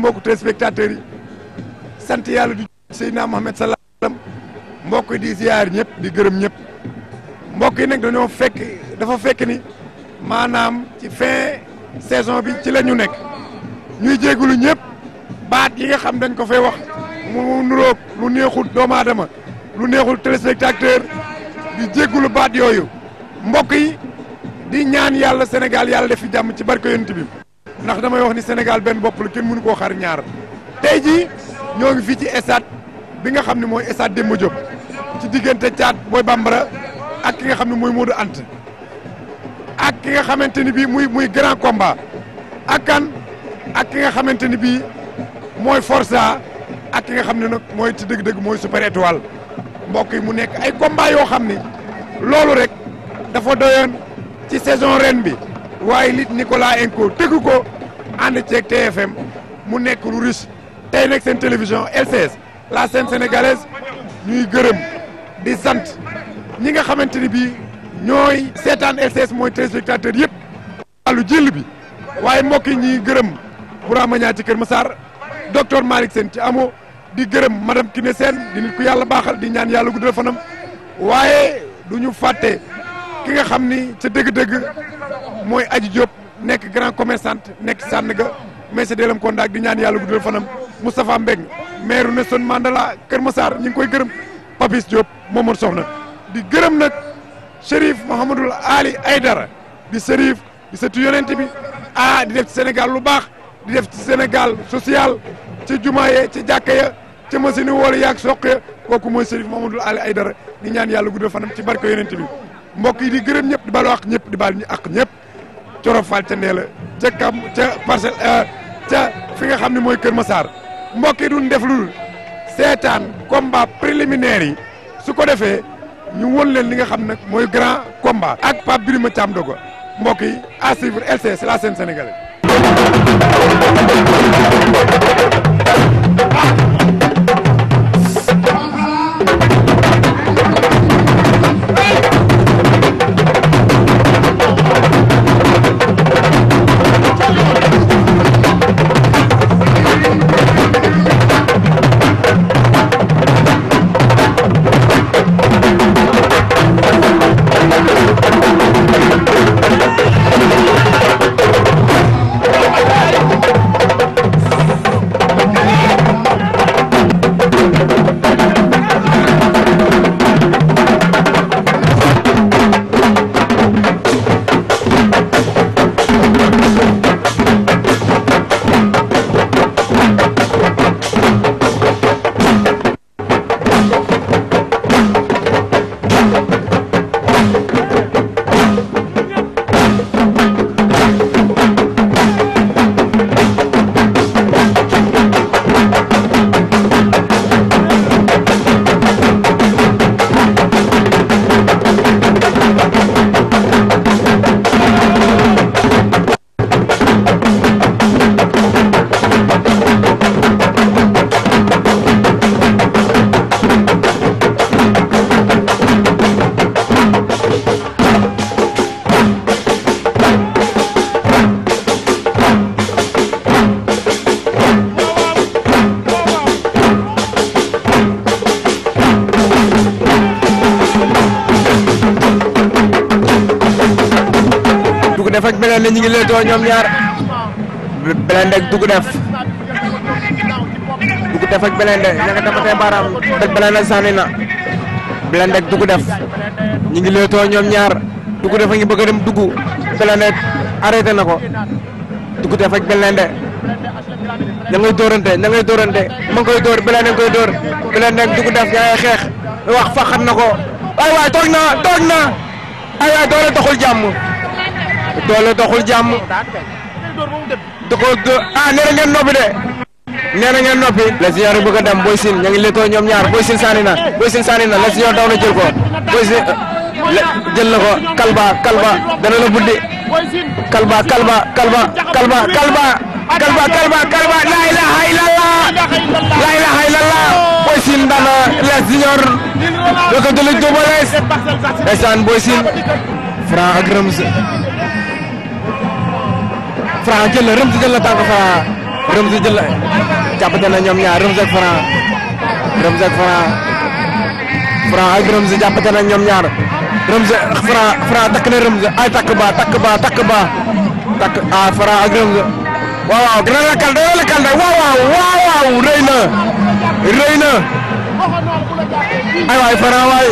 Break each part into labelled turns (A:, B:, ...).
A: mbokku téléspectateurs yi sant yàlla di Seydina Mohamed sallallahu alayhi wasallam mbokk yi di ziar ñëpp di gërëm ñëpp mbokk yi nag dañoo fekk dafa fekk ni maanaam ci fin saison bi ci la ñu nekk ñuy jégalu ñëpp baat yi nga xam dañ ko fay wax mu nuroog lu neexul doomu aadama lu neexul téléspectateur di jégalu baat yooyu mbokk yi di ñaan yàlla Sénégal yàlla def fi jàmm ci barke yonent bi Nak dama wax ni senegal ben bopp la kenn mënu koo xar ñaar tay ji ñoo ngi fi ci estade bi nga xamni moy estade stade Demba ci diggante Thiat Boy Bambara ak ki nga xamni moy Modou ant ak ki nga xamanteni bi muy muy grand combat ak kan ak ki nga xamanteni bi moy Forza ak ki nga xamni nak moy ci deug deug moy super étoile mbokk yi mu nek ay combat yo xamni ni rek dafa doyon ci saison reine bi waye lit Nicolas Enko, Teguko, and ci TFM mu nek lu russe tay nek sen télévision LCS la scène sénégalaise ñuy gëreum di sante ñi nga xamanteni bi ñoy ñooy seetaan LCS mooy téléspectateur yépp walu jël bi waye mbokk ñi gëreum gërëm Bourama Niang ci Kër Massar docteur malik sen ci amo di gëreum madame Kiné sen di nit ku yalla baxal di ñaan yalla guddal fanam waye duñu faté ki nga xamni ni deug deug mooy Aji Diop nekk grand commerçante nekk Sandaga monsieur Delem Konda ak di ñaan yàlla guddal fanam Moustapha Mbeng maire Nelson Mandela Kër Massar ñu ngi koy gërëm Papis Diop Momar Soxna di gërëm nag Chérif Mouhamadul Ali Aydara di Chérif di sëtu yonent bi ah di def ci Sénégal lu baax di def ci Sénégal social ci jumaa ya ci jàkka ya ca machine wala yaag soq ya kooku mooy Chérif Mouhamadul Ali Aydara di ñaan yàlla guddal fanam ci barke yonent bi mbokk yi di gërëm ñëpp di balu ak ñëpp di baal ñu ak ñëpp Coro Fall ca Ndéla ca Kam ca parcelle euh, ca fi nga xam ne mooy Kër Massar mbokk yi duñ def lu seetaan combat préliminaire yi su ko defee ñu won leen li nga xam nag mooy grand combat ak Pape Birima Thiam Dogo mbokk yi à suivre LCS la
B: profito ñoom ñaar belende dugg def dugu def ak belende ña nga
C: dafa tay baram tek
B: belende sani na belende dugu def ñi ngi leto ñoom ñaar dugg def ngi bëgg dem dugg belende arrêté nako dugg def ak belende da ngay dorante da ngay dorante ma koy dor belende koy dor belende dugg def ya xex wax faxat nako way way tok na tok na ay ay doole taxul jamm
C: doole doxul jàmm
B: da ko ah nee na ngeen noppi de nee na ngeen noppi la signor yi bëgg a dem Boy Sine ña ñoom ñaar Boy Sine sànni la signor daw na jël ko Boy Sine euh, jël na ko kalba kalba dana la
C: kalba kalba kalba kalba kalba
B: kalba kalba kalba laa ilaaha illallah laa ilaaha illallah Boy Sine daan na la
C: signor loko dulu jubalees ndeysaan Boy Sine Franc ak Reum Franc jël na Reum si jël na tànk Franc
B: Reum si na jàppante ñaar Reum si takk na Reum ay takk ba takk ba takk ba takk ah Franc ak Reum si waaw waaw dina kal dina kal de waaw waaw waaw waaw
D: rëy ay waay Franc waay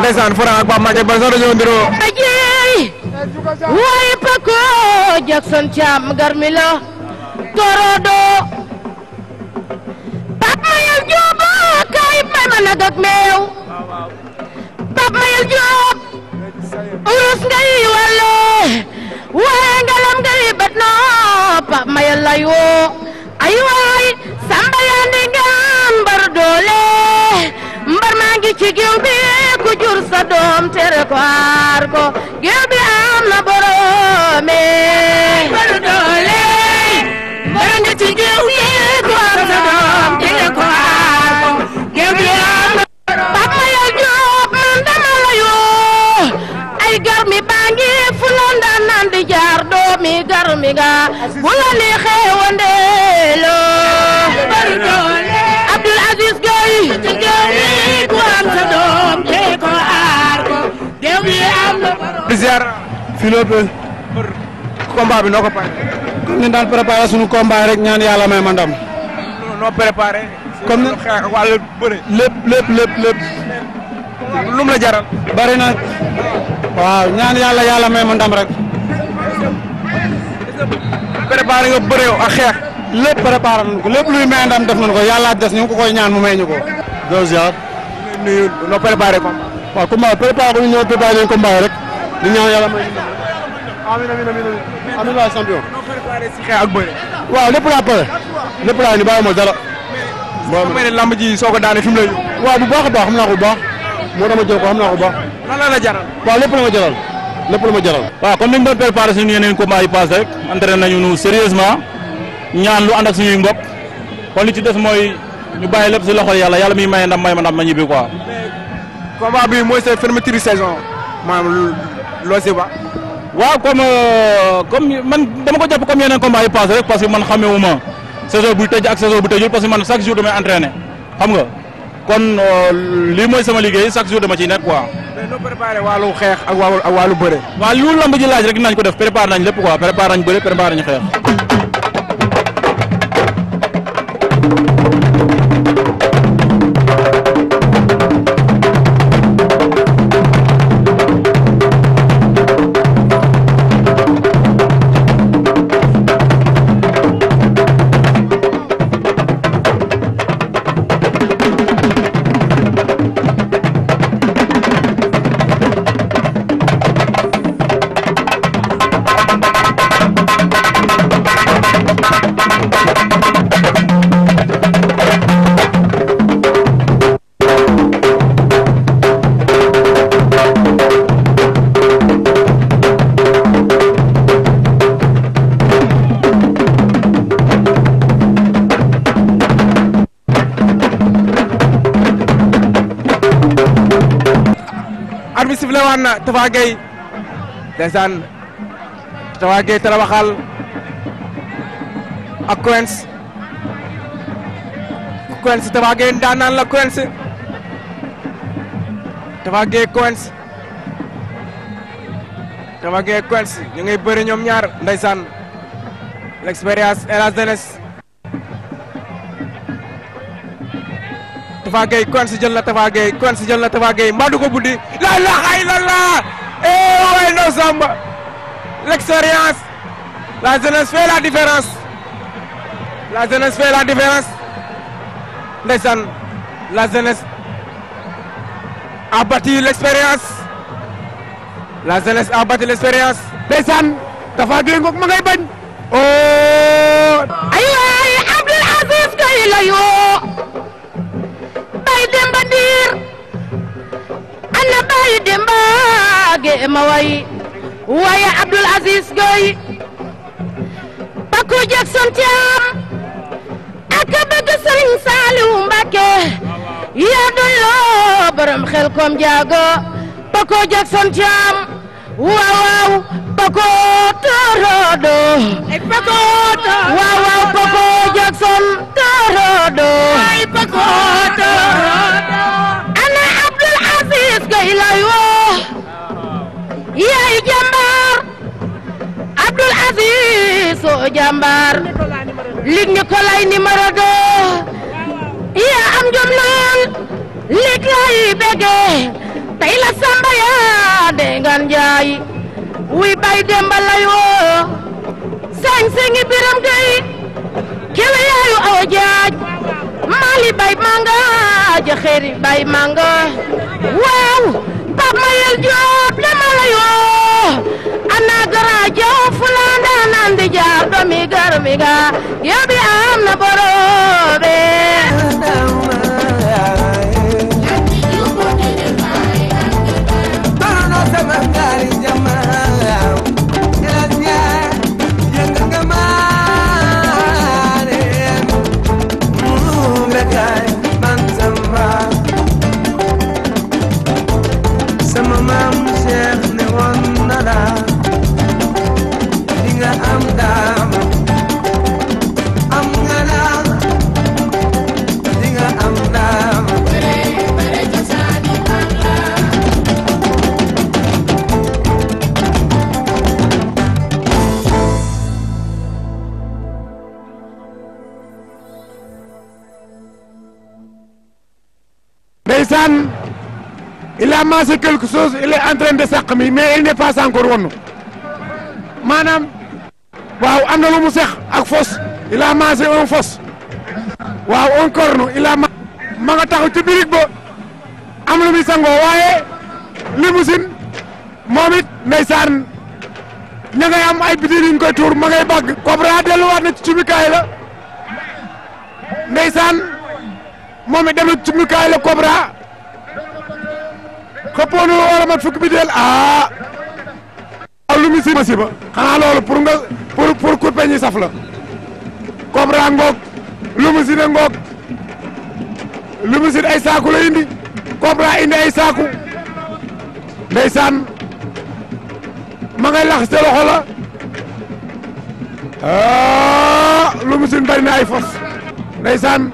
B: ndeysaan Franc ak Pape Maguette Ba sax
D: waaye pako Jackson Thiam garmi la torodo Pape Mayel Diop kaay may ma nag ak meew Pape Mayel Diop urus ngay wàlle waaye ngalam ngay bat no Pape Mayel lay woo ay waay samba yaa ndi nga mbar doole mbar maa ngi ci géew bi ku jur sa doom tere ko aar ko géew nga bu la lo Abdul Aziz gay ci am sa ko di
C: combat bi pare comme ni sunu combat rek ñaan may comme lum la jaral bari na waaw ñaan yàlla préparé nga bëréew a xeex lépp préparé nañ ko lépp luy may ndam def nañ ko yàlla des ñu ngi ko koy ñaan mu may ñu ko do ziar nuyu no préparé ko waaw combat préparé ko ñu ñëw préparé nañ combat rek di ñaan yàlla may
A: amiin amiin amiin la champion préparé
C: ci xeex ak bëre waaw lépp laa pare
A: lépp laa ni bàyyi ma dara
C: may ne lamb ji soo ko daane fi lay waaw bu baax a baax xam naa ko bu baax moo dama jël ko xam naa ko bu baax lan waaw lépp la ma jaral lepp luma jaral. wa comme ni ñu doon préparé suñu yeneen ko yi passé rek entraîné nañu nu sérieusement
B: ñaan lu and ak suñu mbokk kon li ci def moy ñu bàyyi lepp ci loxol yalla yalla mi may ndam may ma ndam ma ñibi quoi. combat bi moy c'est fermeture saison manam lo si ba. wa comme euh, comme man dama ko japp comme yeneen ko yi passé rek parce que man xamewuma saison bu tejj ak saison bu tëjul parce que man chaque jour dama entraîné xam nga kon euh, li moy sama liguey chaque jour dama ci nek quoi. mais noo préparé wàllu xeex ak wàllu ak wàllu bëre. waaw lu lamb ji laaj rek dinañ ko def préparé nañ lépp quoi préparé nañ bëre préparé nañ xeex. waxtaan na Tafa Gueye ndeysaan Tafa Gueye te danan waxal ak Quench Quench Tafa Gueye ndaanaan la Quench Tafa Gueye Quench Tafa Gueye ngay bëri ñoom ñaar ndeysaan l'expérience et la Tafa Gueye Quench jël na Tafa Gueye Quench jël la Tafa Gueye mbaa la la buddi la la la eh way no samba l'expérience la jeunesse fait la différence la jeunesse fait la différence ndeysaan la jeunesse a bâti l'expérience la jeunesse a bâti l'expérience ndeysaan Tafa Gueye ngok ma ngay bañ oh ay ay abdul Aziz kay la yo
D: Demba Gueye ma way waaye Abdoul Aziz Gueye Paco Jackson Thiam ak bëgg Serigne Saliou Mbacké yaa doy loo borom xel kom jaago Paco Jackson Thiam waaw waaw Paco Torodo Paco Torodo waaw waaw Jackson Torodo ay lay lay woo yaay jàmbaar Abdul Aziz soo oh, jàmbaar lig ni ko lay numéro deux yaa am jom lool lig lay bege tey la samba yaa ndengan jaay wuy bay demba lay woo sañ sengi biram gay kele yaayu awa oh, jaaj Mali bay manga jaxeeri bay manga waaw Pape Mayel Diop la yoo ana garaaja fulaan daanaan jaar doomi garmi ga
E: yóbbi am na boroobe
A: commencé quelque chose il est en train de s'accomplir, mais il n'est pas encore wonnu Madame, wow, am na en mu il a mangé un fos waaw un corne il a ma nga taxaw ci birig ba am lu muy sangoo waaye limousine moom it ndeysaan ña ngay am ay bidiir yuñ koy tuur a ngay bàgg Cobra delluwaat na ci cumikaay la ndeysaan moom it dem Cobra këppoo ah. lu war a mat ah lu mu si masiba xanaa loolu pour nga pour pour couper ñi saf la comprendre ngoog lu mu si ne ngoog lu mu si ay saaku la indi comprendre indi ay saaku ndeysaan ma ngay lax sa loxo la ah lu mu si bari na ay fos ndeysaan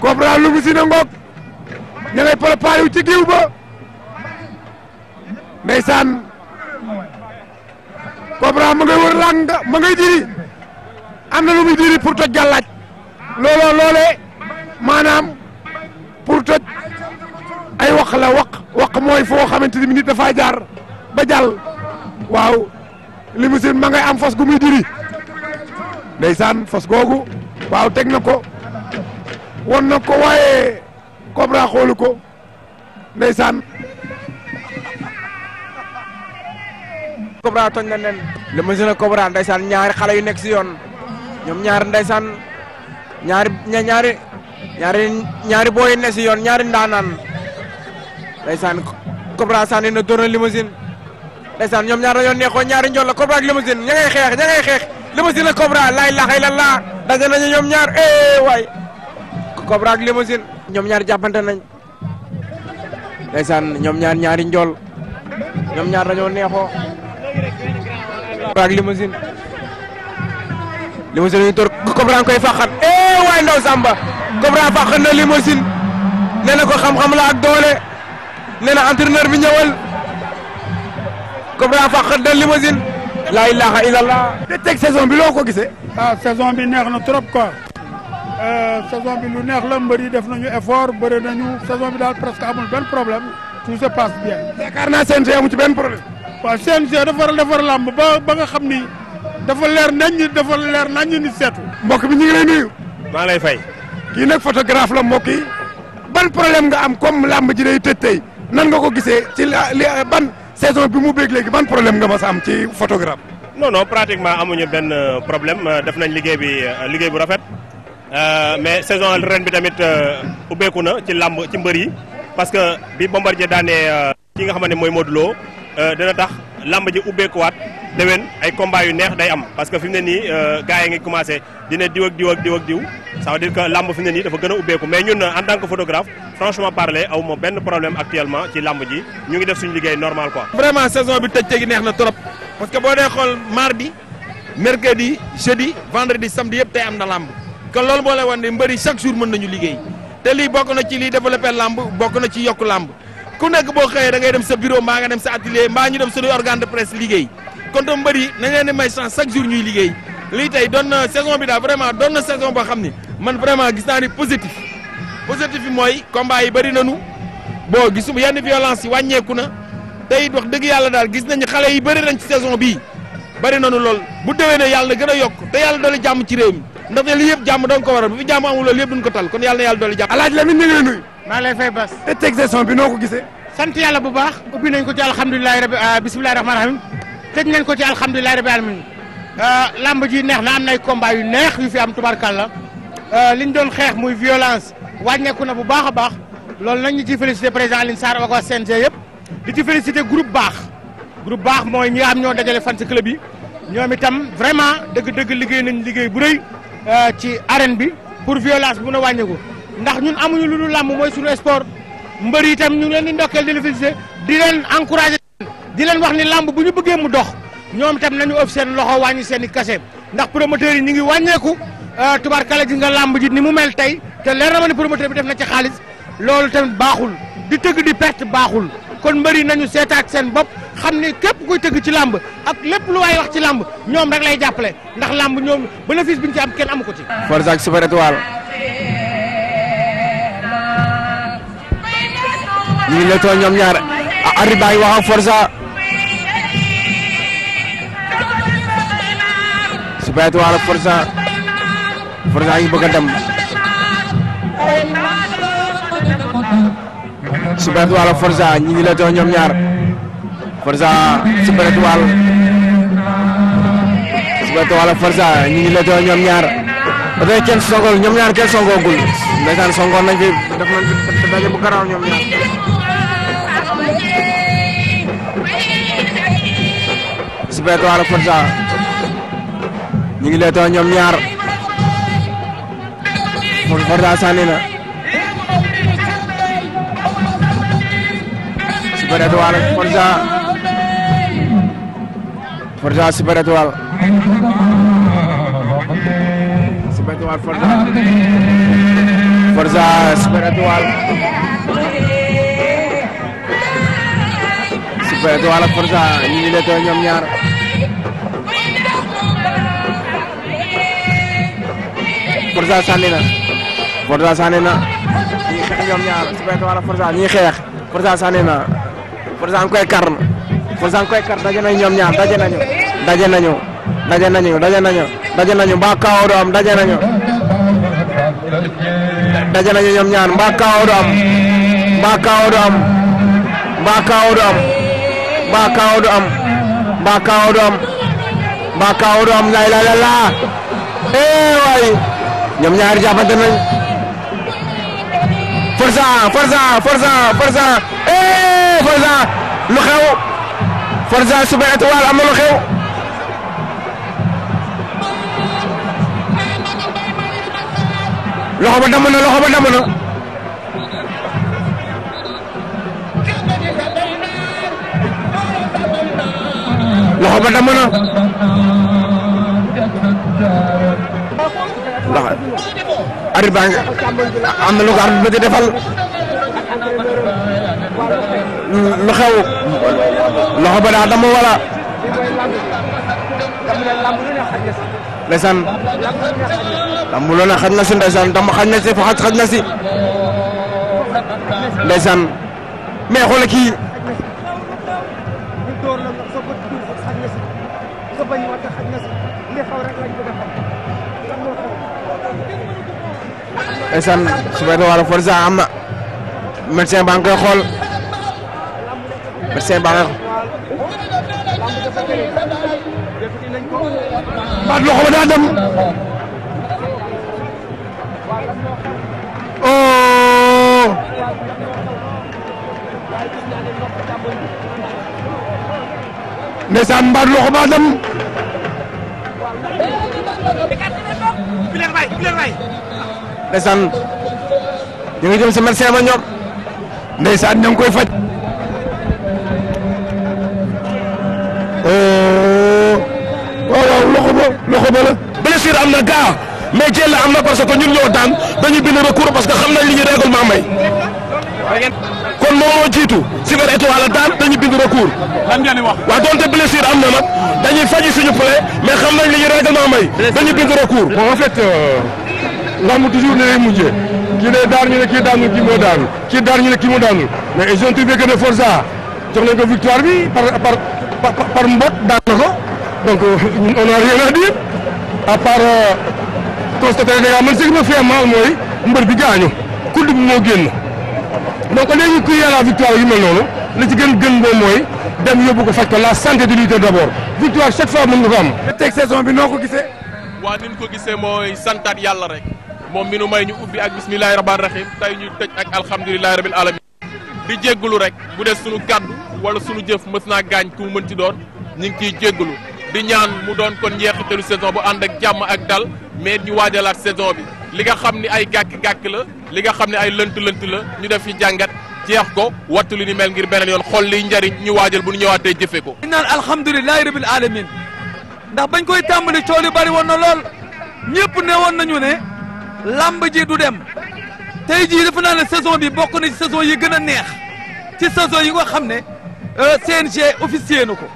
A: comprendre lu mu si ne ña ngay préparé wu ci diiw ba ndeysaan Cobra ma ngay wër lang ma ngay diri amna lu muy diri pour toj gàllaaj lolo lolé manam pour toj ay wax la wax wax moy fo xamanteni nit dafa jaar ba jall waw limousine ma ngay am fas gu muy diri ndaysan fas googu waw tek nako won nako waye Cobra xoolu ko ndeysaan.
B: Cobra tooñ na nen le monsieur Cobra ndeysaan ñaari xale yu nekk si yoon ñoom ñaari ndeysaan ñaari ñaari ñaari ñaari booy yu nekk si yoon ñaari ndaanaan ndeysaan Cobra sànni na dóor na limousine ndeysaan ñoom ñaar dañoo neexoon ñaari njool la Cobra ak limousine ña ngay xeex ña xeex limousine ak Cobra laay laxay la laa daje nañu ñoom ñaar eh waay ñoom ñaar jàppante nañ ndeysaan ñoom ñaar ñaari njool ñoom ñaar dañoo neexoo ak limousine limousine ñu tor Cobra koy fàqat eh waay ndaw Samba Cobra fàqat na limousine nee na ko xam-xam la ak doole nee na entraîneur bi ñëwal Cobra fàqat na limousine la ilaha illallah te teg saison
A: bi loo ko gisee. ah saison
C: bi neex na trop quoi. Euh, saison bi lu neex la mbër yi def nañu effort bëri nañu saison bi daal presque amul benn problème tout se passe bien. yaakaar naa
A: CNG amu ci benn problème. waaw CNG dafa war a defar ba ba nga xam ni dafa leer nañ dafa leer nañ ni seetu. mbokk bi ñu ngi maa lay fay. kii nag photographe la mbokk yi ban problème nga am comme làmb ji day tëj tey nan nga ko gisee ci li ban saison bi mu béeg léegi ban problème nga ma sa am ci photographe.
B: non pratiquement amuñu benn problème euh, def nañ liggéey bi euh, liggéey bu rafet. Euh, mais saison ren bi tamit euh, ubbeeku na ci lamb ci mbër yi parce que bi Bombardier daanee euh, ki nga xamné ne
C: modulo Modou Lo tax lamb ji ubbeekuwaat dewen ay combat yu neex day am parce que fimné ni gaay nga commencé dina diw ak diw ak diw ak diw ça veut dire que lamb fi ni dafa gëna a mais ñun en tant que photographe franchement parler aw ma benn problème actuellement ci lamb ji ñu ngi def suñu liggéey normal quoi. vraiment saison bi tëj gi neex na trop parce que bo dee xol mardi mercredi jeudi vendredi samedi yëpp tay am na lamb kon loolu moo lay wan ne mbëri chaque jour mën nañu liggéey te lii bokk na ci lii développé làmb bokk na ci yokk làmb ku nekk boo xëyee da ngay dem sa bureau mbaa nga dem sa atelier mbaa ñu dem suñuy organe de presse liggéey kon te mbëri nañ leen di may chance chaque jour ñuy liggéey lii tey doon na saison bi daal vraiment doon na saison boo xam ni man vraiment gis naa ni positif positif bi mooy combat yi bëri nañu boo gisuma yenn violence yi wàññeeku na tey wax dëgg yàlla daal gis nañu xale yi bëri nañ ci saison bii bëri nañu lool bu déwénee yàlla na gën a yokk te yàlla doole jàmm ci réew mi ndaxte lii yëpp jàmm doon ko waral bu fi jàmm amul loolu yëpp duñ ko tal kon yàlla na yàlla dolli jàmm alaaj Lamine ñu ni lay nuyu maa ngi lay fay bas exception bi noo ko gisee sant yàlla bu baax ubbi nañ ko ci alhamdulilahi rabi ah, bisimilahi rahmaani rahim tëj nañ ko ci alhamdulilahi rabi alamin ah, lamb ji neex na am nay combat yu neex yu fi am tubarkalla ah, liñ doon xeex muy violence wàññeeku na bu baax a baax loolu nag ñu ci félicité président Alioune Sarr ak waa CNG yëpp di ci félicité groupe baax groupe baax mooy ñi am ñoo dajale fan si club yi ñoom itam vraiment dëgg-dëgg liggéey nañ liggéey bu rëy Euh, ci arène bi pour violence bu mun wàññeeku ndax ñun amuñu lu dul làmb mooy suñu sport mbër yi itam ñu leen di ndokkeel di leen di leen encouragé di leen wax ni làmb bu ñu bëggee mu dox ñoom itam nañu ëpp seen loxo wàññi seen i kase ndax promoteurs yi ñu ngi wàññeeku euh, tubaarkala ji nga làmb ji ni mu mel tey te leer na ma ni promoteur bi def na ci xaalis loolu tamit baaxul di tëgg di perte baaxul kon mbër yi nañu seetaat seen bopp xam ni képp kuy tëgg ci lamb ak lepp lu way wax ci lamb ñom rek lay jappalé ndax lamb ñom bénéfice buñ ci am kenn amuko ci.
B: Forza ak Super Étoile. ñu ngi lay ñaar arriba yi waxa Forza. Super Étoile Forza. Forza a bëgg dem. Super Étoile Forza ñu ngi lay ñaar. Forza spiritual spiritual ak Forza ñi ngi do ñom ñaar da tey kenn songol ñom ñaar kenn da ndeysaan songo nañ fi def nañ fi daje bu karaw ñom ñaar spiritual ak Forza ñi ngi do ñom ñaar mon Forza sànni na Berat Warek Forza Forza Spiritual Spiritual Forza Forza Spiritual Spiritual ak Forza ini ngi leetoo ñoom ñaar Forza sànni Forza sànni na ñi xeex ñoom ñaar Spiritual ak Forza ñi xeex Forza sànni na Forza am koy karn Foussane koy kar daje nañ ñoom ñaar daje nañu daje nañu daje nañu daje nañu daje nañu mbaa daje nañu daje nañu ñoom ñaar mbaa kaaw du am mbaa kaaw du am mbaa kaaw du am mbaa kaaw du am mbaa kaaw du am mbaa kaaw du am lay la la eh, ñaar jàppante nañ eh, Forza Super Étoile am na lu xew loxo ba damm na loxo ba damm na loxo ba damm na loxo. Arbitre baa ngi am na lu ko arbitre bi di defal. lu xew loxo ba daa dama wala ndeysaan damb lu ne xaj na si ndeysaan damb xaj na si fa xaj xaj na si ndeysaan mais xoolal kii
C: ndeysaan su fekkee
B: wàllu forza am na médecin baa ngi koy xool médecin baa nga
C: baat loxo
E: ba daa dem oh
A: ndeysaan baat loxo baa dem
B: ndeysaan ñu ngi jëm si médecin ba ñor ndeysaan ña ngi koy faj
C: waaw oh. oh, waaw loxo ba loxo ba la. blessure am na gaa mais jël la am na parce que ñun ñoo daan dañu bind recours parce que xam nañ li ñu règlement may. kon moom moo jiitu Super Étoile daan dañu bind recours. lan ngeen di wax waaw donte blessure am na nag dañuy faji suñu plaie mais xam nañ li ñu règlement
A: may. dañu bind recours. bon en fait euh, lamb toujours nee mujjee kii day daan ñu ne kii daanul kii moo daanul kii daan ñu ne kii moo daanul mais ils ont trouvé que ne Forza ah, jox nañ ko victoire bi par par. par mbot ko donc euh, on a rien à dire à part euh, constater dégâts man ce qui me fait mal mooy mbër bi gañu kudd bi moo génn donc léegi ku yàlla victoire yu mel noonu li ci gën gën bo moy dem yobou ko fakk la santé de l'unité d'abord victoire chaque fois mën nga am. saison bi noko gissé
B: wa waa ko gissé moy santat yalla rek mom mi nu may ñu ubbi ak bismillahir rahmanir rahim tay ñu tej ak alhamdulilahi rabbil alamin di jéggulu rek bu dee sunu kàddu wala sunu jëf mës naa gaañ ku mu ci doon ñu ngi ciy jéggulu di ñaan mu doon kon njeexitalu saison bu ànd ak jàmm ak dal mais ñu waajalaat saison bi li nga xam ne ay gàkk-gàkk la li nga xam ne
C: ay lënt-lënt la ñu def ci jàngat jeex ko wattu li ni mel ngir beneen yoon xool liy njariñ ñu waajal bu ñu ñëwaatee jëfe ko ñu naan alhamdulilahi rabil alamin ndax bañ koy tàmbali coow li bari woon na lool ñëpp ne woon nañu ne lamb ji du dem tey jii defe naa ne saison bi bokk na ci saison yi gën a neex ci saison yi nga xam ne euh, CNG officier na ko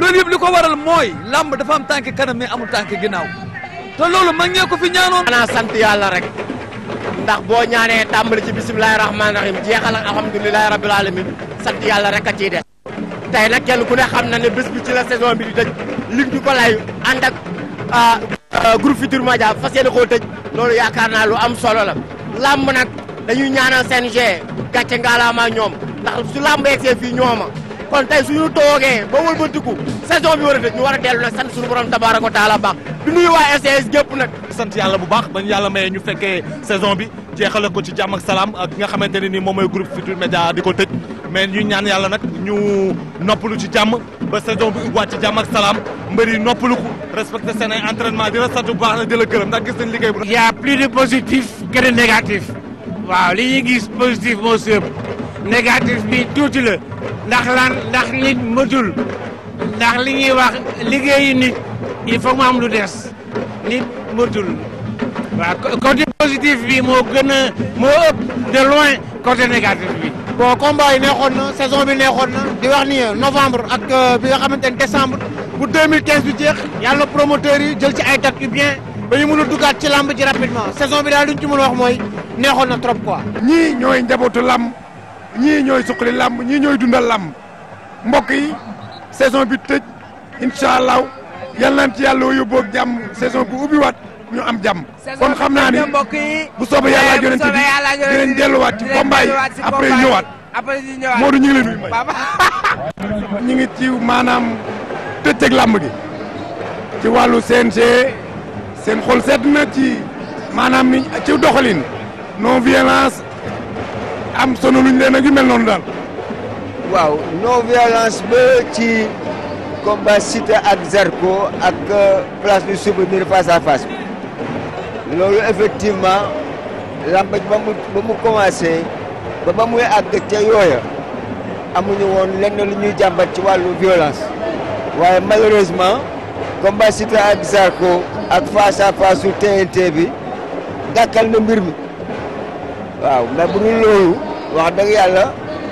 C: loolu yëpp li ko waral mooy làmb dafa am tànk kanam mais amul tànk ginnaaw te loolu ma ñee ko fi ñaanoon. xanaa sant yàlla rek ndax boo ñaanee tàmbali ci bisimilahi rahmaani rahim jeexal ak alhamdulilahi rabil alamin sant yàlla rek a ciy des. tey nag kenn ku ne xam na ne bés bi ci la saison bi di tëj lig ñu ko lay ànd ak euh, euh, groupe Futurs Médias fas yéene yaakaar naa lu am solo la. làmb nag dañuy ñaanal CNG gàcce ngaalaama ñoom ndax su làmb yegsee fii ñooma kon tey suñu toogee ba wëlbatiku saison bi war a tëj ñu war a dellu nag sant suñu borom tabaaraka wa taala baax du nuyu waa SCS gépp nag sant yàlla bu baax bañ yàlla maye ñu fekkee saison bi jeexale ko ci jàmm salaam ak ki nga xamante ne nii moom mooy groupe Futurs Médias di ko tëj mais ñu ñaan yàlla nag ñu nopp lu ci jàmm ba saison bi ubbiwaat ci jàmm salaam mbër yi noppalu ko respecté seen ay di la sant bu baax nag di ndax gis nañ liggéey bu. y' a plus de positif que de négatif waaw li ñuy gis positif moo sëb négatif bi tuuti la ndax lan ndax nit mëtul ndax li ñuy wax liggéeyu nit il faut mu am lu des nit mëtul waaw côté positif bi moo gën moo ëpp de loin côté négatif bi. bon combat yi neexoon na saison bi neexoon na di wax ni novembre ak euh, bi nga xamante ne décembre bu 2015 bi jeex yàlla na promoteur yi jël ci ay tag bien ba ñu mën a dugaat ci lamb ji rapidement saison bi daal duñ ci mën wax mooy neexoon na trop quoi.
A: ñii ñooy njabootu lamb ñii ñooy suqali lamb ñii ñooy dundal lamb mbokk yi saison bi tëj incha allah yal nañ ci yàlla yóbboo ak jàmm saison bu ubbiwaat. ñu am jàmm kon xam naa ni bu soobee yàlla yonent bi dinañ delluwaat ci combat yi après ñëwaat
E: Modou ñu ngi lay nuyu may
A: ñu ngi ci maanaam tëccëg làmb gi ci wàllu CNG seen xol sedd na ci maanaam ni ci doxalin non violence am sono luñ leen ak yu mel noonu daal waaw non violence ba ci combat Siteu ak Zarko ak euh, place du souvenir
C: face à face loolu effectivement làmb ji ba mu ba commencé ba ba muy àgg ca yooya amuñu woon lenn lu ñuy jàmbat ci wàllu violence waaye malheureusement combat Siteu ak Zarko ak face à face su TNT bi gàkkal na mbir mi waaw mais bu dul loolu wax dëgg yàlla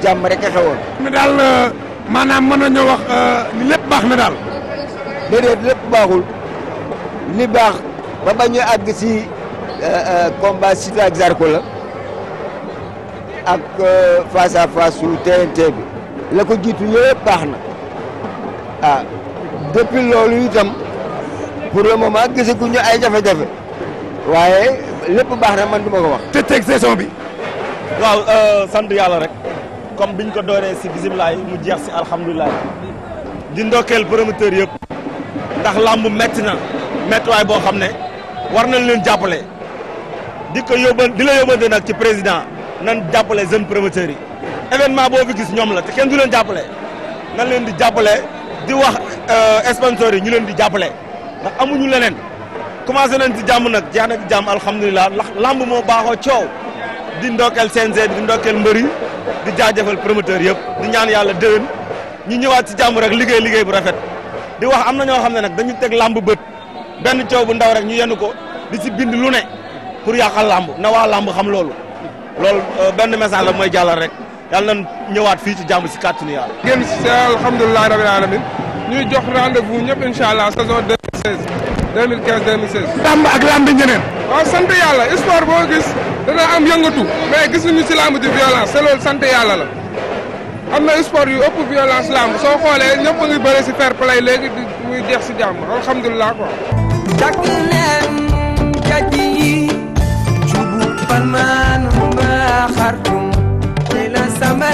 C: jàmm rek a xewoon.
A: mi euh, maanaam mën nañoo wax euh, lépp baax na daal. déedéet lépp baaxul
C: li baax. ba ba ñu àgg si euh, euh, combat Siteu ak Zarko la ak euh, face à face su TNT bi la ko jiitu yëpp baax na ah depuis loolu itam pour le moment gisaguñu ay jafe-jafe waaye lépp baax na man du ma ko wax. te teg saison bi. waaw sant yàlla rek comme biñ ko dooree si bisimilah mu jeex si alhamdulilah di ndokkeel promoteur yëpp ndax làmb metti na méttiwaay boo xam ne. war nañ leen jàppale di ko yóbbal di la yóbbante nag ci président nan jàppale jeunes promoteurs yi événement boo fi gis ñoom la te kenn du leen jàppale nan leen di jàppale di wax euh, sponsors yi ñu leen di jàppale amuñu leneen commencé nañ ci jàmm nag jeex na ci jàmm alhamdulilah ndax làmb moo baaxoo coow di ndokkeel CNG di ndokkeel mbëri di jaajëfal promoteur yëpp di ñaan yàlla déwén ñu ñëwaat ci jàmm rek liggéey liggéey bu rafet di wax am na ñoo xam ne nag dañu teg làmb bët. benn coow bu ndaw rek ñu yenn ko di ci bind lu ne pour yàqal làmb na waa làmb xam loolu loolu euh, benn message la mooy jàllal rek yàlla na ñëwaat fii ci jàmm si kàttanu yàlla génn si alhamdulilah rabbil alamin ñuy jox rendez-vous ñëpp incha allah saison 2016 2015 2016 làmb ak làmb ñeneen waaw sant yàlla sport boo gis dana am yëngatu gis gisuñu si làmb di violence te loolu sant yàlla la am na sport yu ëpp violence làmb soo xoolee a ngi bëre si si jàmm alhamdulilah
E: jagleen jag yi jubub ban man ma xartum te la sama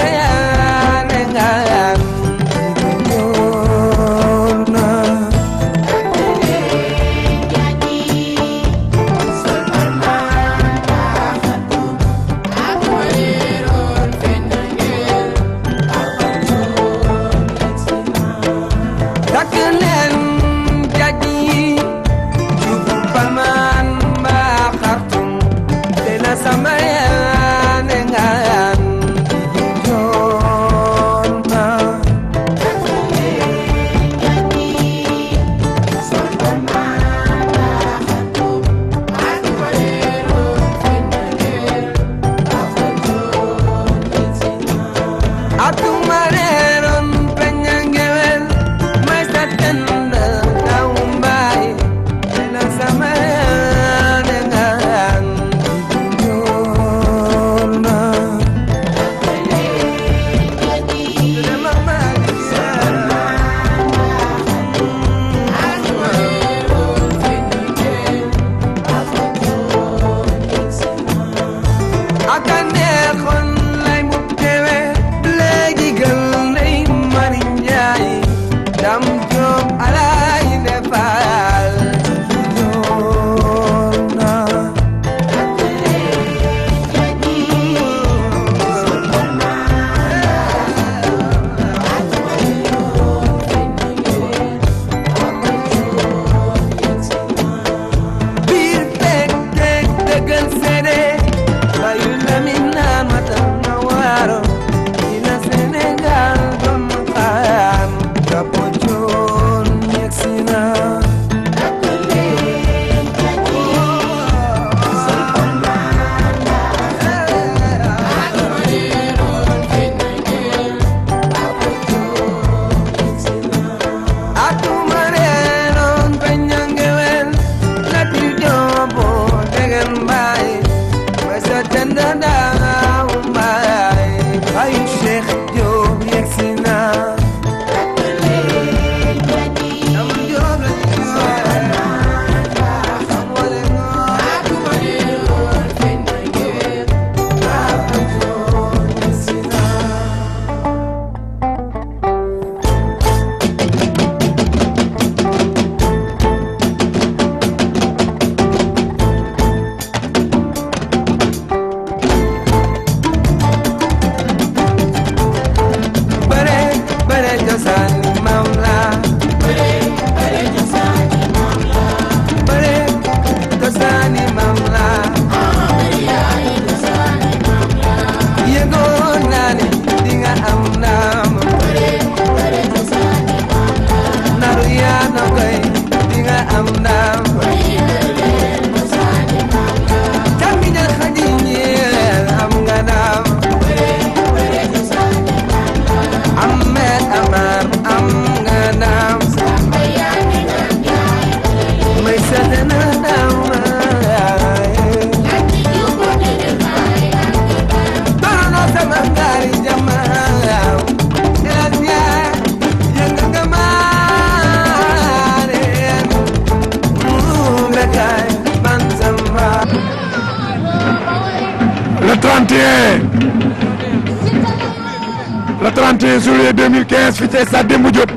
A: stade Demba Diop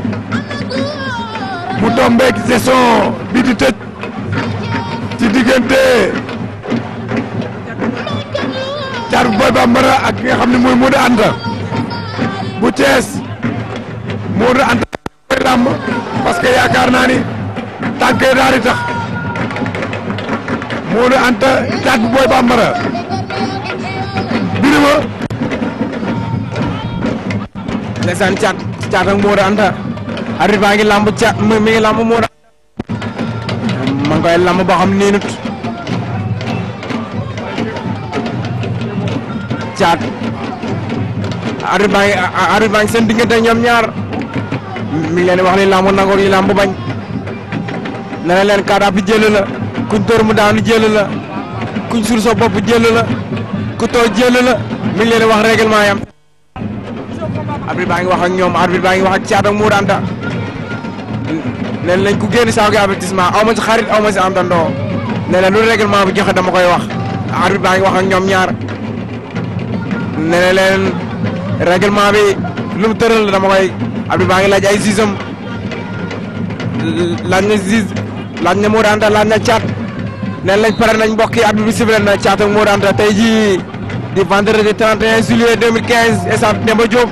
A: mu tombeeg saison bi di tëj ci diggante Thiatou Boy Bambara ak nga xam ne mooy Modou Anta bu Thiès Modou Anta koy làmb parce que yaakaar naa ni tànk yi daal di tax Modou Anta Thiatou Boy Bambara
B: Birima ndeysaan Thiat caat ak Modou Anta arbitre baa lamb caat mi ngi lamb Modou Anta ma ngi koy niinut caat arbitre baa ngi ñoom ñaar mi ngi wax li lamb nangoor yi bañ nee leen kàddaa bi jël la kuñ mu daanu jël la kuñ suur sa bopp jël la ku too mi ngi leen wax règlement yam arbitre baa ngi wax ak ñoom arbitre baa ngi wax ak Thiatou Mour Anta nee nañ ku génn saako avertissement aw ma si xarit aw ma si àndandoo nee na lu règlement bi joxe dama koy wax arbitre baa ngi wax ak ñoom ñaar nee na leen règlement bi lu mu dama koy arbitre baa ngi laaj ay zizam laaj na ziz laaj na Mour Anta laaj na Thiat neen lañ pare nañ mbokk yi arbitre bi sifflé na Thiatou Mour Anta tey jii di vendredi 31 juillet 2015 stade Demba Diop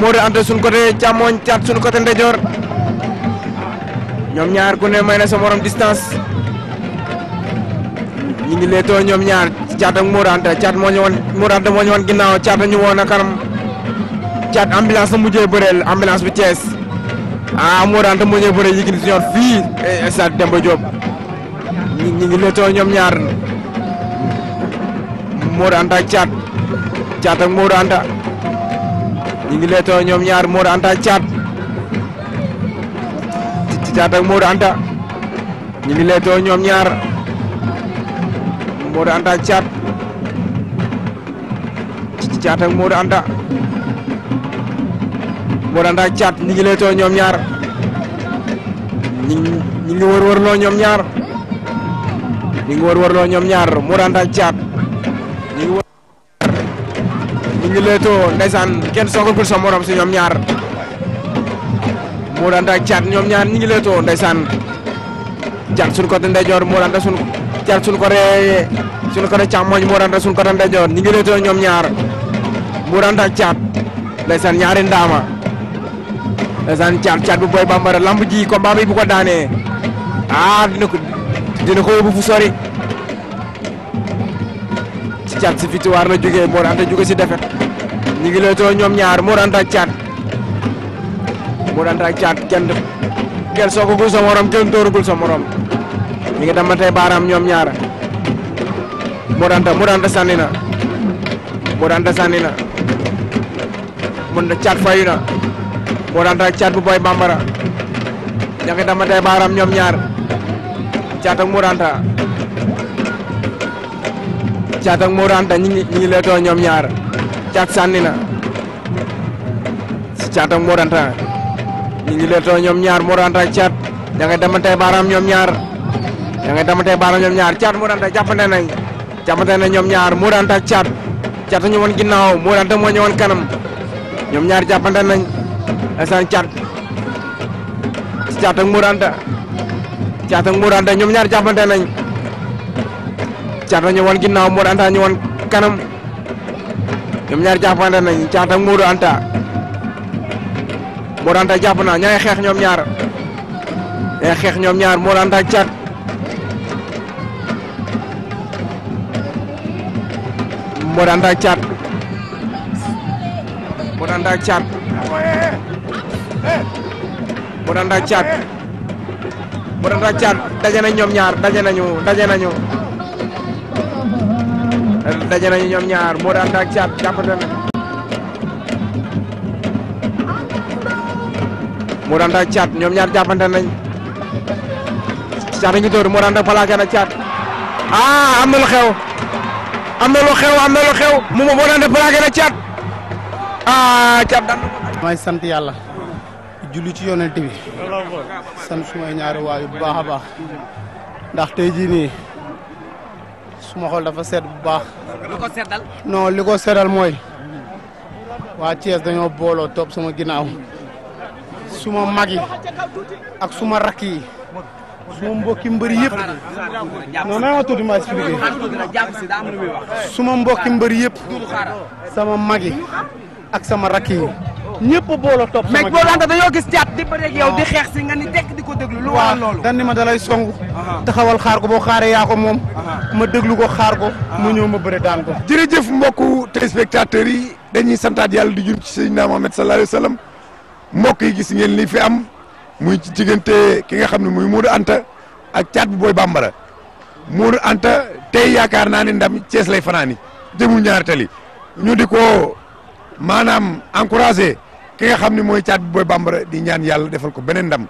B: Modou Anta suñ côté càmmoñ Thiat suñ côté ndeyjoor ñom ñaar ku ne may na sa morom distance ñi ngi leto ñom ñaar chat ak Modou Anta Thiat moo ñu woon Modou mo moo ñu woon ginnaaw Thiat ñu woon a kanam Thiat ambulance mu jey beurel ambulance bi Thiès ah Modou Anta moo ñuy bëreel ñor fi fii eh, stade Demba job ñi ngi leto ñom ñaar Modou Anta chat Thiat ak Modou Anta ñu leto leetoo ñoom ñaar Modou Anta Thiat Thiat ak Modou Anta ñu ngi leetoo ñaar Modou Anta Thiat Thiat ak Modou Anta Modou Anta Thiat ñu ngi leetoo ñaar ñu ngi wër wër loo ñaar ñu ngi wër ñaar Modou Anta leto ndaysan kenn soxagul sa morom si ñom ñaar mo Anta ak Thiat ñoom ñaar ñi ngi leetoo ndeysaan Thiat suñu côté ndeyjoor Modou Anta suñu Thiat suñu côté suñu côté càmmoñ Modou Anta suñu côté jor ñi ngi leto ñom ñaar mo Anta ak Thiat ñaari ndama ndaysan Thiat Thiat bu Boy Bambara lamb ji ko bi bu ko daane ah dina ko dina ko yóbbu fu sori ci Thiat si victoire la jógee Modou Anta jóge si defet ñi ngi leto ñom ñaar mo Anta ak Thiat Mor Anta ak Thiat kenn kenn soogagul sa morom kenn dóoragul sama morom ñi ngi damatay baram ñom ñaar Mor Anta mo Anta sànni na Mor Anta sànni na mën na Thiat fayu na Mor Anta ak Thiat bu boy bambara ñi ngi dammatee baaraam ñaar Thiat ak Mor Anta Thiat ak mo Anta ñu ñi ñu ngi ñaar caat sànni na si caat ak Moranta ñu ngi leetoo ñoom ñaar Moranta ak caat ña ngay damantee baaraam ñoom ñaar ña ngay damantee baaraam ñoom ñaar caat Moranta jàppante nañ jàppante nañ ñoom ñaar Moranta ak caat caat ñu woon ginnaaw Moranta moo ñëwoon kanam ñoom ñaar jàppante nañ asan caat si caat ak Moranta caat ak Moranta ñoom ñaar jàppante nañ caat ñu woon ginnaaw Moranta ñu woon kanam ñom ñaar jàppante nañ caata ak Modou Anta Modou Anta jàpp ñay xex ñom ñaar ñay xex ñom ñaar Modou Anta ak caat Modou Anta ak caat Modou Anta ak caat Modou Anta ak Modou Anta nañ ñaar dajé nañu dajé nañu daje nañu ñoom ñaar moo daan ak jàpp jàppante na moo daan ak caat ñoom ñaar jàppante nañ caat daan na ah am lu xew am lu xew am lu xew
C: daan na ah caat daan may sant yàlla julli ci yonent bi sant sumay ñaari waay bu baax ndax suma xol dafa sedd bu baax. lu ko seddal. li ko seddal mooy waa Thiès dañoo booloo topp sama ginnaaw suma mag yi ak suma rakk yi suma mbokki mbëri yëpp non nan suma mbokki mbëri yëpp sama mag yi ak sama rakk yi ñëpp booloo topp sama ginnaaw mais gis caat di bëre ak yow di xeex si nga ni tekk di ko déglu loolu dan ni ma dalay song taxawal xaar ko boo xaaree moom ma déglu ko xaar ko mu ñëw ma bëre daan ko
A: jërëjëf mbokku téléspectateurs yi dañuy santaat yàlla di jur ci Seydina Mohamed sallallahu alayhi wa sallam mbokk yi gis ngeen lii fi am muy ci diggante ki nga xam ne muy Modou Anta ak caat bu booy bambara Modou Anta tey yaakaar naa ne ndam Cees lay fanaani jëmul ñaar tali ñu di ko maanaam encouragé ki nga xam ne mooy caat bu booy bambara di ñaan yàlla defal ko beneen ndam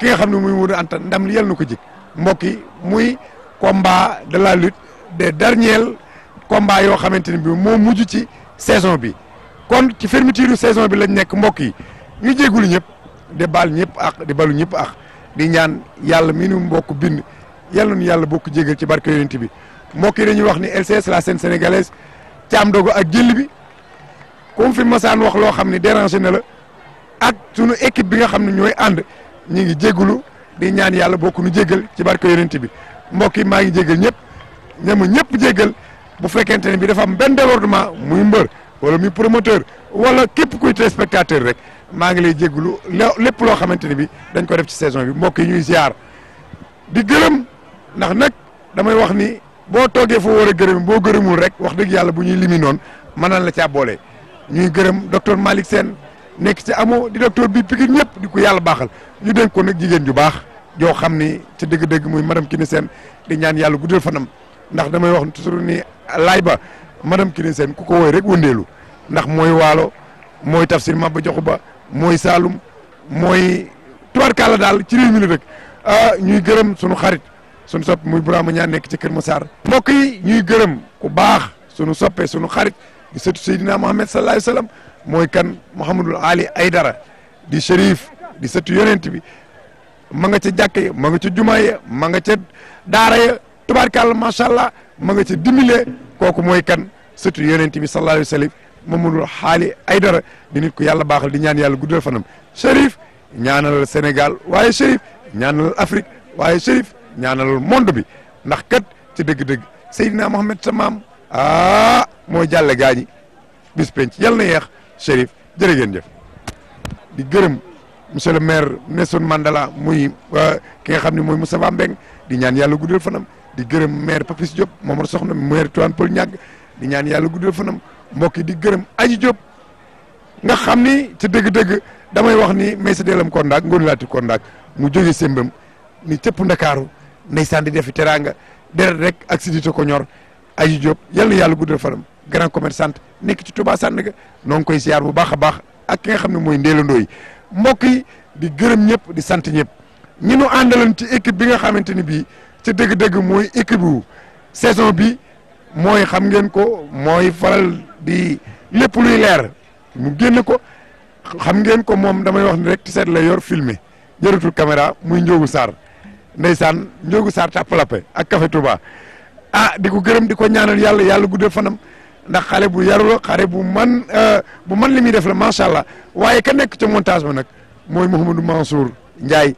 A: ki nga xam ne muy Modou Anta ndam li yàlla na ko jik mbokk yi muy combat de la lutte des darnielle combats yoo xamante ni bi moo mujj ci saison bi kon ci fermeture saison bi lañ nekk mbokk yi ñu jéggulu ñëpp de bal ñëpp ak di balu ñëpp ak di ñaan yàlla mi nu mbokk bind yàlla nu yàlla bokk jégal ci barke yonent bi mbokk yi dañuy wax ni LCS la scène sénégalaise caam dogo ak jëll bi comme fi masaan wax loo xam ne dérangé na la ak sunu équipe bi nga xam ne ñooy ànd ñu ngi jéggulu di ñaan yàlla bokk nu jégal ci barke yonent bi mbokk yi maa ngi jégal ñëpp ñama ñëpp jégal bu fekkente ne bi dafa am benn débordement muy mbër wala muy promoteur wala képp kuy téléspectateur rek maa ngi lay jégalu lépp loo xamante ne bi dañ ko def ci saison bi mbokk yi ñuy ziar di gërëm ndax nag damay wax ni boo toogee foo war a gërëm boo gërëmul rek wax dëgg yàlla bu ñuy liminoon noonu mën na a caa boole ñuy gërëm docteur Malick seen nekk ci amoo di docteur bi Pikine ñëpp di ko yàlla baaxal ñu dénk ko nag jigéen ju baax. joo xam ni ci dëgg-dëgg muy madame kini sen di ñaan yàlla guddal fanam ndax damay wax toujours ni laay ba madame Kine Sène ku ko woy rek wëndeelu ndax mooy waalo mooy tafsir Maba Jaxu Ba mooy Saalum mooy tubaarkàlla daal ci réew rek ah ñuy gërëm sunu xarit sunu soppe muy Burama ñaan nekk ci Kër saar mbokk yi ñuy gërëm ku baax sunu soppe sunu xarit di sëtu Seydina Mohamed sallallahu alayhi mooy kan Mouhamadul Ali Aydara di shérif di sëtu yonent bi. ma nga ca jàkk ya ma nga ca jumaa ya ma nga ca daara ya tubaarkàlla macha allah ma nga ca dimbilee kooku mooy kan surtout yonent bi sallallahu alayhi wa sallam Mamadou Xaali Aydara di nit ku yàlla baaxal di ñaan yàlla guddal fanam Chérif ñaanal Sénégal waaye Chérif ñaanal Afrique waaye Chérif ñaanal monde bi ndax kat ci dëgg-dëgg Seydina Mohamed sa maam ah mooy jàlle gaañi bis penc yàlla na yeex Chérif jërë ngeen jëf gërëm. monsieur le maire Nelson Mandala muy euh, ki nga xamni ne Moussa Bambeng di ñaan Yalla guddal fanam di gërëm maire Papis Diop Momar Soxna maire Tivaouane Paul Niag di ñaan Yalla guddal fanam mbokk di gërëm Aji Diop nga xamni ni ci deug deug damay wax ni mais Delam Kondak kondaak lati Kondak mu jóge sembam ni Dakarou di def teranga der rek ak ko ñor Aji Diop Yalla Yalla guddal fanam grand commerçant nek ci Touba Sandaga noo koy ziar bu baakha a baax ak ki nga xamni moy mbokk yi di gërëm ñëpp di sant ñëpp ñi nu àndaloon ci équipe bi nga xamante ni bii ci dëgg-dëgg mooy équipe wu saison bi mooy xam ngeen ko mooy faral di lépp luy leer mu génn ko xam ngeen ko moom damay wax ni rek ci seet la yor filme jëratul caméra muy Ndiogu Sarr ndeysaan Ndiogu Sarr tàppalappe ak Café Touba ah di ko gërëm di ko ñaanal yàlla yàlla guddal fanam ndax xale bu yaru la bu man euh, bu man limi def la machallah waye ka nek ci montage ba nak moy Mouhamadou Mansour Ndiaye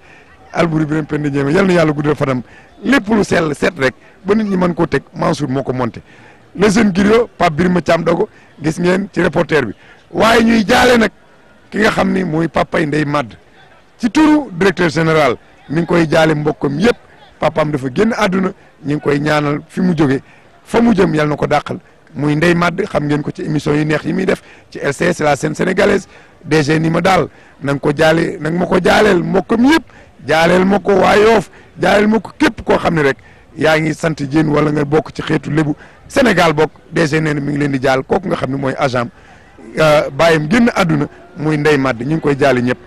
A: Alboury Birame Penda Ndiémé yal yalla yàlla guddal fanam lépp lu sel set rek ba nit ñi man ko tek Mansour moko le jeune griot Pape Birima cham Dogo gis ngeen ci reporter bi waye ñuy jale nak ki nga xamni moy mooy papay Ndey mad ci turu directeur général mi ngi koy jale mbokam yépp papam dafa genn aduna ñi ngi koy ñaanal fi mu jóge fa mu jëm yalla nako muy Ndeye Mad xam ngeen ko ci émission yi neex yi muy def ci LCS la scène sénégalaise ni ma daal nang nga ko jaale na ma ko jaaleel mbokkam yëpp jaaleel ma ko waa Yoof jaaleel ma ko képp koo xam ne rek yaa ngi sant jéen wala nga bokk ci xeetu lébu Sénégal bokk DG nee na mi ngi leen di jaal kooku nga xam ne mooy agent euh, bàyyam génn àdduna muy Ndeye Mad ñu ngi koy jaali ñëpp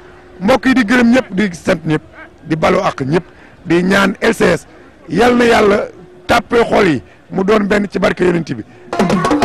A: mbokk yi di gërëm ñëpp di sant ñëpp di baloo ak ñëpp di ñaan LCS yal na yàlla tàppee xol yi mu doon benn ci barke yonent bi Yeah.